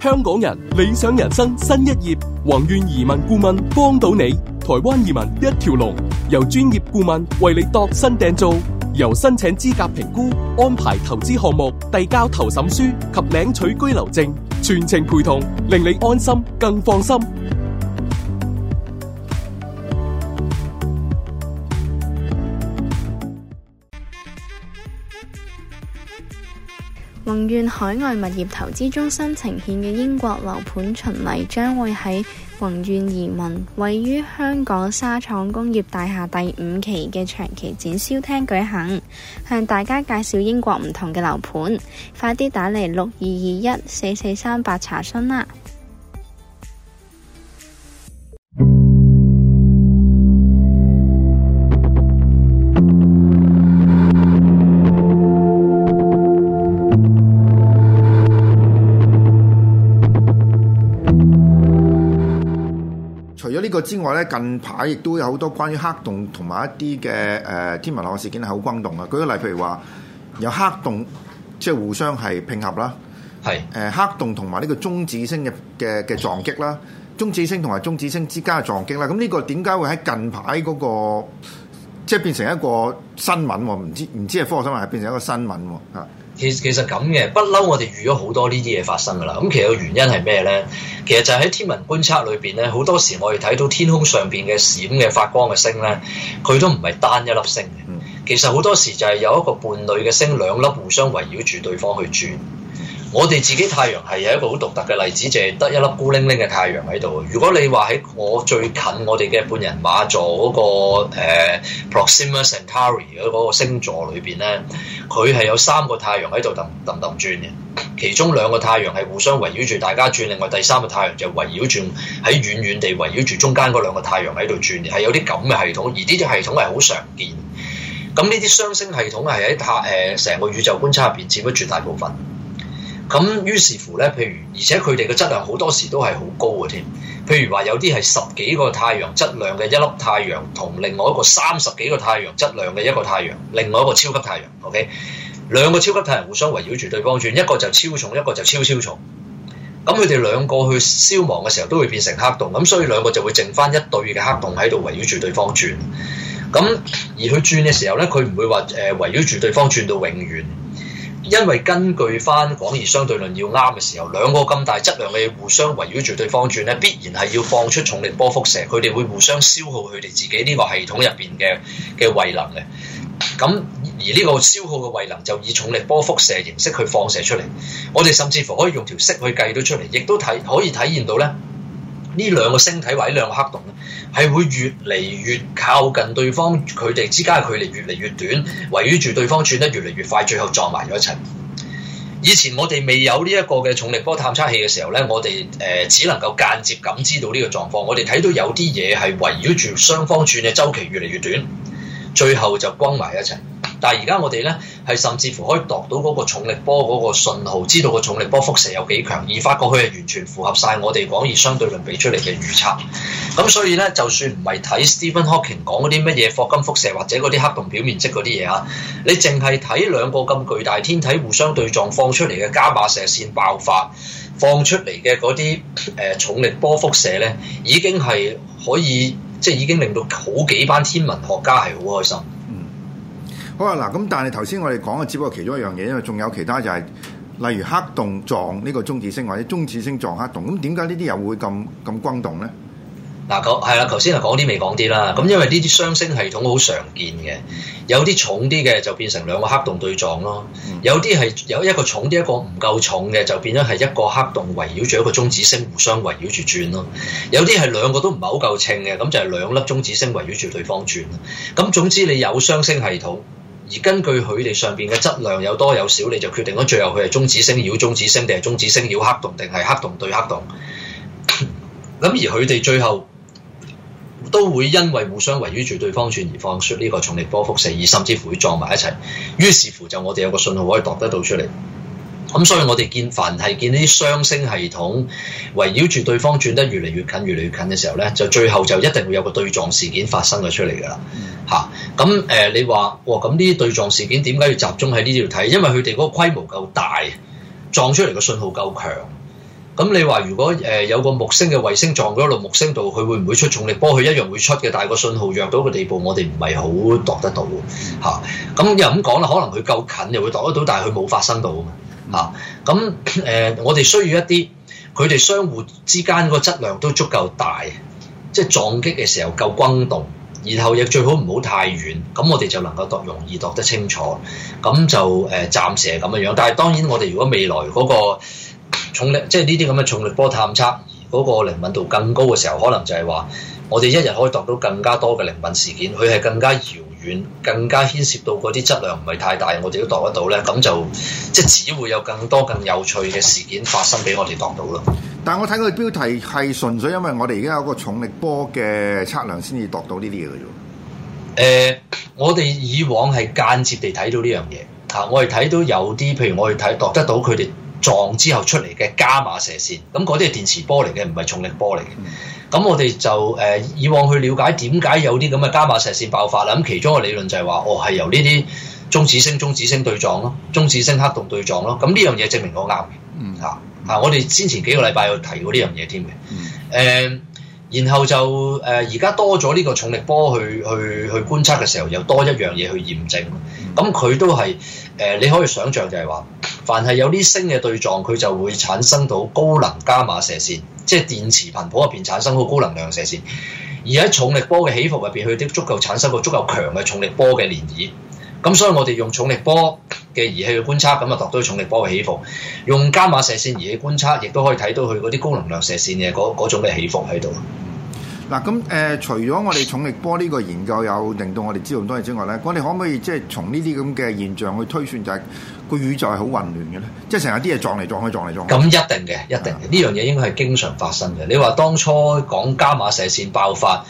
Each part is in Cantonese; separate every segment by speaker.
Speaker 1: 香港人理想人生新一頁，宏願移民顧問幫到你，台灣移民一條龍，由專業顧問為你度身訂造，由申請資格評估、安排投資項目、遞交投審書及領取居留證，全程陪同，令你安心更放心。宏願海外物業投資中心呈現嘅英國樓盤巡禮將會喺宏願移民位於香港沙廠工業大廈第五期嘅長期展銷廳舉行，向大家介紹英國唔同嘅樓盤，快啲打嚟六二二一四四三八查詢啦！
Speaker 2: 之外咧，近排亦都有好多關於黑洞同埋一啲嘅誒天文學事件係好轟動嘅。舉個例，譬如話有黑洞即係互相係拼合啦，係誒是、呃、黑洞同埋呢個中子星嘅嘅嘅撞擊啦，中子星同埋中子星之間嘅撞擊啦。咁呢個點解會喺近排嗰、嗰個即係變成一個新聞？唔知唔知係科學新聞，係變成一個新聞啊！
Speaker 1: 其其實咁嘅，不嬲我哋預咗好多呢啲嘢發生噶啦。咁其實個原因係咩呢？其實就喺天文觀測裏邊咧，好多時我哋睇到天空上邊嘅閃嘅發光嘅星咧，佢都唔係單一粒星嘅。其實好多時就係有一個伴侶嘅星，兩粒互相圍繞住對方去轉。我哋自己太陽系有一個好獨特嘅例子，就係得一粒孤零零嘅太陽喺度。如果你話喺我最近我哋嘅半人馬座嗰、嗰個、呃、Proxima Centauri 嗰個星座裏邊咧，佢係有三個太陽喺度氹氹轉嘅。其中兩個太陽係互相圍繞住大家轉，另外第三個太陽就係圍繞住喺遠遠地圍繞住中間嗰兩個太陽喺度轉嘅，係有啲咁嘅系統。而呢啲系統係好常見，咁呢啲雙星系統係喺太誒成個宇宙觀察入邊佔咗絕大部分。咁於是乎咧，譬如而且佢哋嘅質量好多時都係好高嘅添。譬如話有啲係十幾個太陽質量嘅一粒太陽，同另外一個三十幾個太陽質量嘅一個太陽，另外一個超級太陽。OK，兩個超級太陽互相圍繞住對方轉，一個就超重，一個就超超重。咁佢哋兩個去消亡嘅時候都會變成黑洞，咁所以兩個就會剩返一對嘅黑洞喺度圍繞住對方轉。咁而佢轉嘅時候咧，佢唔會話誒圍繞住對方轉到永遠。因為根據翻廣義相對論要啱嘅時候，兩個咁大質量嘅嘢互相圍繞住對方轉咧，必然係要放出重力波輻射，佢哋會互相消耗佢哋自己呢個系統入邊嘅嘅位能。咁而呢個消耗嘅位能就以重力波輻射形式去放射出嚟。我哋甚至乎可以用條式去計到出嚟，亦都體可以體現到咧。呢兩個星體或呢兩個黑洞咧，係會越嚟越靠近對方，佢哋之間嘅距離越嚟越短，圍繞住對方轉得越嚟越快，最後撞埋咗一齊。以前我哋未有呢一個嘅重力波探測器嘅時候咧，我哋誒只能夠間接感知到呢個狀況，我哋睇到有啲嘢係圍繞住雙方轉嘅周期越嚟越短，最後就轟埋一齊。但係而家我哋咧係甚至乎可以度到嗰個重力波嗰個信號，知道個重力波輻射有幾強，而發覺佢係完全符合晒我哋廣義相對論俾出嚟嘅預測。咁所以咧，就算唔係睇 Stephen Hawking 講嗰啲乜嘢霍金輻射或者嗰啲黑洞表面積嗰啲嘢啊，你淨係睇兩個咁巨大天體互相對撞放出嚟嘅伽馬射線爆發，放出嚟嘅嗰啲誒重力波輻射咧，已經係可以即係已經令到好幾班天文學家係好開心。
Speaker 2: 好啊！嗱，咁但係頭先我哋講嘅只不過其中一樣嘢，因為仲有其他就係、是，例如黑洞撞呢個中子星，或者中子星撞黑洞。咁點解呢啲又會咁咁轟動咧？
Speaker 1: 嗱、啊，個係啦，頭先係講啲未講啲啦。咁因為呢啲雙星系統好常見嘅，有啲重啲嘅就變成兩個黑洞對撞咯；有啲係有一個重啲一個唔夠重嘅，就變咗係一個黑洞圍繞住一個中子星互相圍繞住轉咯；有啲係兩個都唔係好夠秤嘅，咁就係、是、兩粒中子星圍繞住對方轉。咁總之你有雙星系統。而根據佢哋上邊嘅質量有多有少，你就決定咗最後佢係中子星繞中子星，定係中子星繞黑洞，定係黑洞對黑洞。咁 而佢哋最後都會因為互相圍繞住對方轉而放出呢個重力波輻射，而甚至乎會撞埋一齊。於是乎就我哋有個信號可以度得到出嚟。咁所以我哋見凡係見啲雙星系統圍繞住對方轉得越嚟越近、越嚟越近嘅時候呢，就最後就一定會有個對撞事件發生咗出嚟㗎啦。嚇！咁誒，你話喎咁呢啲對撞事件點解要集中喺呢度睇？因為佢哋嗰個規模夠大，撞出嚟個信號夠強。咁你話如果誒有個木星嘅衛星撞咗落木星度，佢會唔會出重力波？佢一樣會出嘅，但係個信號弱到個地步，我哋唔係好度得到嘅嚇。咁又咁講啦，可能佢夠近又會度得到，但係佢冇發生到啊。咁誒，我哋需要一啲佢哋相互之間個質量都足夠大，即係撞擊嘅時候夠轟動。然後亦最好唔好太遠，咁我哋就能夠度容易度得清楚，咁就誒暫時係咁嘅樣。但係當然，我哋如果未來嗰個重力，即係呢啲咁嘅重力波探測，嗰個靈敏度更高嘅時候，可能就係話，我哋一日可以度到更加多嘅靈敏事件。佢係更加遙遠，更加牽涉到嗰啲質量唔係太大，我哋都度得到呢，咁就即係只會有更多更有趣嘅事件發生俾我哋度到咯。
Speaker 2: 但我睇佢標題係純粹因為我哋而家有個重力波嘅測量先至度到呢啲嘢嘅
Speaker 1: 啫。誒，
Speaker 2: 我哋以往係
Speaker 1: 間接地睇到呢樣嘢嚇，我哋睇到有啲，譬如我哋睇度得到佢哋撞之後出嚟嘅伽馬射線，咁嗰啲係電磁波嚟嘅，唔係重力波嚟嘅。咁、嗯、我哋就誒、呃、以往去了解點解有啲咁嘅伽馬射線爆發啦，咁、啊、其中嘅理論就係話，哦係由呢啲中子星、中子星對撞咯，中子星黑洞對撞咯，咁呢樣嘢證明我啱嘅，嗯嚇。啊！我哋先前幾個禮拜有提過呢樣嘢添嘅，誒、呃，然後就誒，而、呃、家多咗呢個重力波去去去觀察嘅時候，又多一樣嘢去驗證。咁、嗯、佢、嗯、都係誒、呃，你可以想像就係話，凡係有啲星嘅對撞，佢就會產生到高能伽馬射線，即係電磁頻譜入邊產生個高能量射線。而喺重力波嘅起伏入邊，佢都足夠產生個足夠強嘅重力波嘅漣漪。咁所以，我哋用重力波嘅儀器去觀察，咁就度到重力波嘅起伏；用伽馬射線儀器觀察，亦都可以睇到佢嗰啲高能量射線嘅嗰種嘅起伏喺度。
Speaker 2: 嗱，咁、呃、誒，除咗我哋重力波呢個研究有令到我哋知道咁多嘢之外咧，我哋可唔可以即係從呢啲咁嘅現象去推算、就是，就係個宇宙係好混亂嘅咧？即係成日啲嘢撞嚟撞去，撞嚟撞去。咁一定嘅，一定嘅。
Speaker 1: 呢的樣嘢應該係經常發生嘅。你話當初講伽馬射線爆發，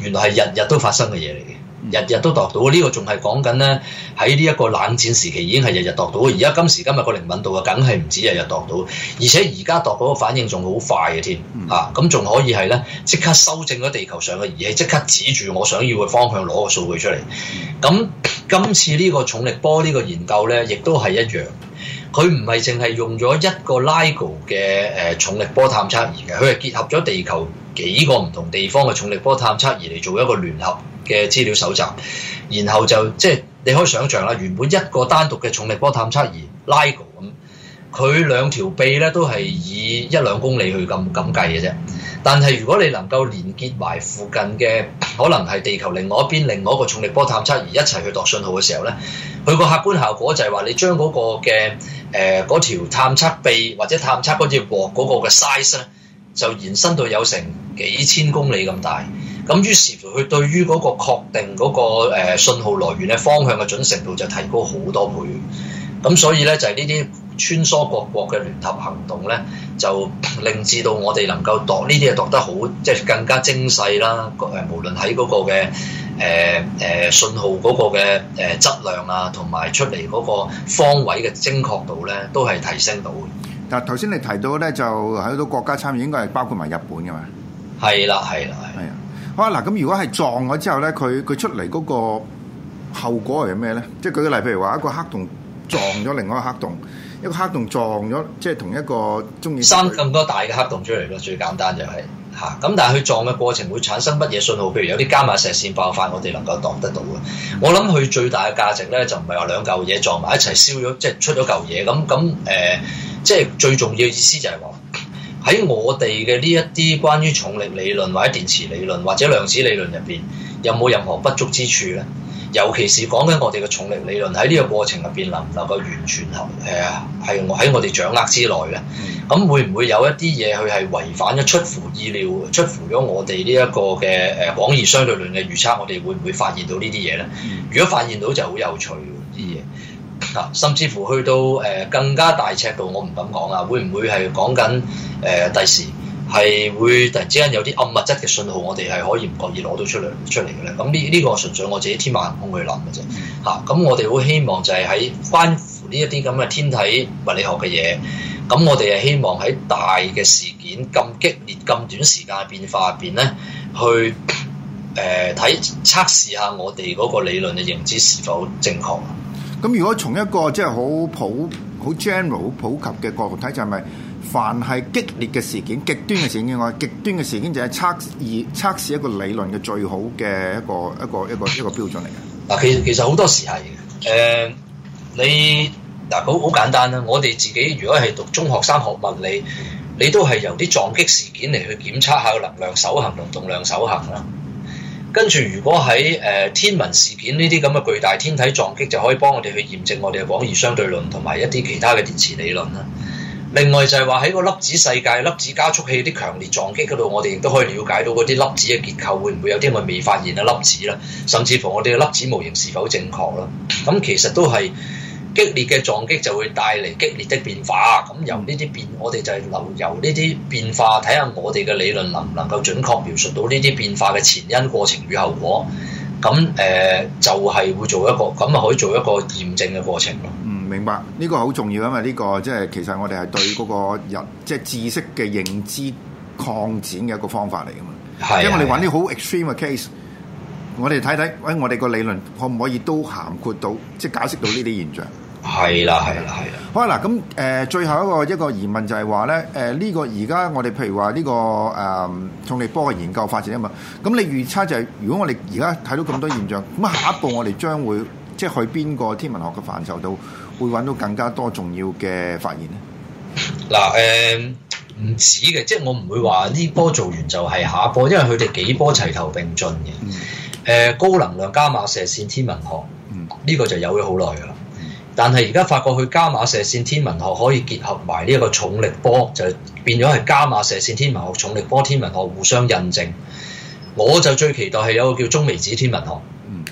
Speaker 1: 原來係日，日日都發生嘅嘢嚟嘅。日日都度到呢、呢個仲係講緊呢。喺呢一個冷戰時期已經係日日度到，而家今時今日個靈敏度啊，梗係唔止日日度到，而且而家度到個反應仲好快嘅添嚇，咁、啊、仲可以係呢，即刻修正咗地球上嘅儀器，即刻指住我想要嘅方向攞個數據出嚟。咁、啊、今次呢個重力波呢個研究呢，亦都係一樣，佢唔係淨係用咗一個 LIGO 嘅誒重力波探測儀嘅，佢係結合咗地球幾個唔同地方嘅重力波探測儀嚟做一個聯合。嘅資料搜集，然後就即係你可以想象啦，原本一個單獨嘅重力波探測儀 LIGO 咁，佢兩條臂咧都係以一兩公里去咁咁計嘅啫。但係如果你能夠連結埋附近嘅，可能係地球另外一邊另外一個重力波探測儀一齊去度信號嘅時候咧，佢個客觀效果就係話你將嗰個嘅誒嗰條探測臂或者探測嗰隻鑊嗰個嘅 size 咧，就延伸到有成幾千公里咁大。咁於是乎，佢對於嗰個確定嗰個信號來源咧方向嘅準成度就提高好多倍。咁所以咧就係呢啲穿梭各國嘅聯合行動咧，就令至到我哋能夠度呢啲嘢度得好，即係更加精細啦。誒，無論喺嗰個嘅誒誒信號嗰個嘅誒質量啊，同埋出嚟嗰個方位嘅精確度咧，都係提升到嘅。
Speaker 2: 但係頭先你提到咧，就係好多國家參與應該係包括埋日本嘅嘛？
Speaker 1: 係啦，係啦，係。
Speaker 2: 嗱，咁如果係撞咗之後咧，佢佢出嚟嗰個後果係咩咧？即係舉個例，譬如話一個黑洞撞咗另外一個黑洞，一個黑洞撞咗，即係同一個中子星
Speaker 1: 咁多大嘅黑洞出嚟咯，最簡單就係、是、嚇。咁、啊、但係佢撞嘅過程會產生乜嘢信號？譬如有啲伽馬射線爆發，我哋能夠度得到嘅。我諗佢最大嘅價值咧，就唔係話兩嚿嘢撞埋一齊燒咗，即係出咗嚿嘢。咁咁誒，即係最重要嘅意思就係話。喺我哋嘅呢一啲關於重力理論或者電磁理論或者量子理論入邊，有冇任何不足之處呢？尤其是講緊我哋嘅重力理論喺呢個過程入邊，能唔能夠完全合？誒、呃，係我喺我哋掌握之內呢？咁會唔會有一啲嘢佢係違反咗出乎意料、出乎咗我哋呢一個嘅誒、呃、廣義相對論嘅預測？我哋會唔會發現到呢啲嘢呢？嗯、如果發現到就好有趣。甚至乎去到誒更加大尺度，我唔敢講啊！會唔會係講緊誒第時係會突然之間有啲暗物質嘅訊號，我哋係可以唔覺意攞到出嚟出嚟嘅咧？咁呢呢個純粹我自己天馬行空去諗嘅啫。嚇！咁我哋好希望就係喺關乎呢一啲咁嘅天體物理學嘅嘢，咁我哋係希望喺大嘅事件咁激烈、咁短時間嘅變化入邊咧，去誒睇測試下我哋嗰個理論嘅認知是否正確。
Speaker 2: 咁如果從一個即係好普、好 general、好普及嘅角度睇，就係、是、咪凡係激烈嘅事件、極端嘅事件外，極端嘅事件就係測驗、測試一個理論嘅最好嘅一個一個一個一個標準嚟
Speaker 1: 嘅？嗱，其實其實好多時係嘅。
Speaker 2: 誒、呃，你
Speaker 1: 嗱好好簡單啦，我哋自己如果係讀中學生學物理，你都係由啲撞擊事件嚟去檢測下個能量守恒同動量守恒啦。跟住，如果喺誒天文事件呢啲咁嘅巨大天體撞擊，就可以幫我哋去驗證我哋嘅廣義相對論同埋一啲其他嘅電磁理論啦。另外就係話喺個粒子世界、粒子加速器啲強烈撞擊嗰度，我哋亦都可以了解到嗰啲粒子嘅結構，會唔會有啲我未發現嘅粒子啦，甚至乎我哋嘅粒子模型是否正確啦。咁其實都係。激烈嘅撞擊就會帶嚟激烈嘅變化，咁由呢啲變，我哋就係留由呢啲變化睇下我哋嘅理論能唔能夠準確描述到呢啲變化嘅前因過程與後果，咁誒、呃、就係、是、會做一個咁啊可以做一個驗證嘅過程咯。
Speaker 2: 嗯，明白，呢、這個好重要，因為呢、這個即係其實我哋係對嗰個人即係、就是、知識嘅認知擴展嘅一個方法嚟噶嘛。係，因為我哋揾啲好 extreme 嘅 case，我哋睇睇揾我哋個理論可唔可以都涵括到，即係解釋到呢啲現象。係啦，係啦，係啦。好啦，咁誒、呃，最後一個一個疑問就係話咧，誒、呃，呢、這個而家我哋譬如話呢、這個誒，重、呃、力波嘅研究發展啊嘛。咁你預測就係、是，如果我哋而家睇到咁多現象，咁下一步我哋將會即係去邊個天文學嘅範疇度，會揾到更加多重要嘅發現咧？
Speaker 1: 嗱、呃，誒，唔止嘅，即係我唔會話呢波做完就係下一波，因為佢哋幾波齊頭並進嘅。誒、嗯呃，高能量伽馬射線天文學，呢、嗯、個就有咗好耐噶啦。但係而家發覺去伽馬射線天文學可以結合埋呢一個重力波，就變咗係伽馬射線天文學、重力波天文學互相印證。我就最期待係有個叫中微子天文學，嚇、嗯，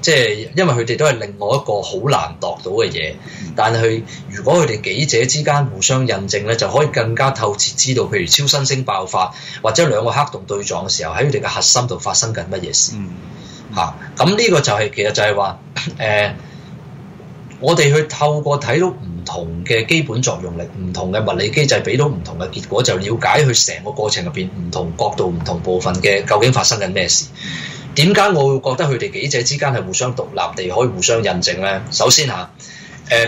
Speaker 1: 即係、啊就是、因為佢哋都係另外一個好難度到嘅嘢。嗯、但係如果佢哋幾者之間互相印證咧，就可以更加透徹知道，譬如超新星爆發或者兩個黑洞對撞嘅時候，喺佢哋嘅核心度發生緊乜嘢事。嚇、嗯，咁、嗯、呢、嗯啊、個就係、是、其實就係話，誒、欸。我哋去透過睇到唔同嘅基本作用力、唔同嘅物理機制，俾到唔同嘅結果，就了解佢成個過程入邊唔同角度、唔同部分嘅究竟發生緊咩事。點解我會覺得佢哋幾者之間係互相獨立地可以互相印證呢？首先嚇，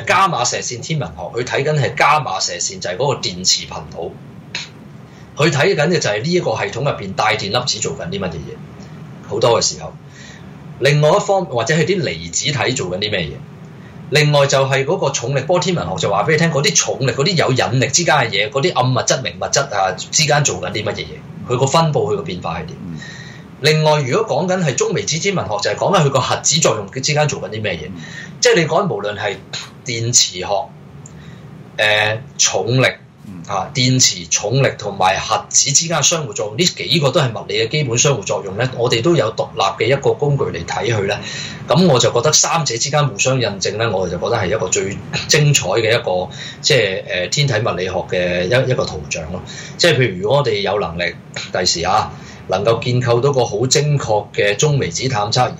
Speaker 1: 伽馬射線天文學佢睇緊係伽馬射線，就係嗰個電磁頻譜。佢睇緊嘅就係呢一個系統入邊帶電粒子做緊啲乜嘢嘢，好多嘅時候。另外一方或者係啲離子體做緊啲咩嘢？另外就係嗰個重力波天文學就話俾你聽，嗰啲重力、嗰啲有引力之間嘅嘢，嗰啲暗物質、明物質啊之間做緊啲乜嘢嘢？佢個分布、佢個變化係點？另外，如果講緊係中微子天文學，就係講緊佢個核子作用佢之間做緊啲咩嘢？即係你講緊無論係電磁學、誒、呃、重力。啊！電磁、重力同埋核子之間相互作用，呢幾個都係物理嘅基本相互作用咧。我哋都有獨立嘅一個工具嚟睇佢咧。咁我就覺得三者之間互相印證咧，我哋就覺得係一個最精彩嘅一個即係誒天體物理學嘅一個一個圖像咯。即係譬如，如果我哋有能力第時啊，能夠建構到個好精確嘅中微子探測儀。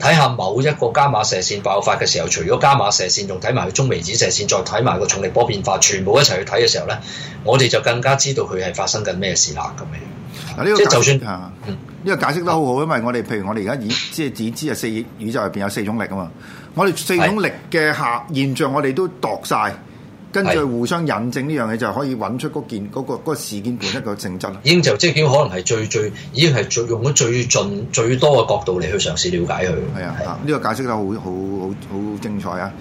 Speaker 1: 睇下某一個伽馬射線爆發嘅時候，除咗伽馬射線，仲睇埋佢中微子射線，再睇埋個重力波變化，全部一齊去睇嘅時候咧，我哋就更加知道佢係發生緊咩事啦咁樣。
Speaker 2: 即係就算啊，呢個解釋使、嗯、得好好，因為我哋譬如我哋而家已即係只知啊，四宇宙入邊有四種力啊嘛，我哋四種力嘅下是現象，我哋都度晒。跟住互相引證呢樣嘢就可以揾出嗰件嗰、嗰個那個事件件一個性質啦。已經就即係已可能係最最已
Speaker 1: 經係最用咗最盡最多嘅角
Speaker 2: 度嚟去嘗試了解佢。係啊，呢個解釋得好好好好精彩啊！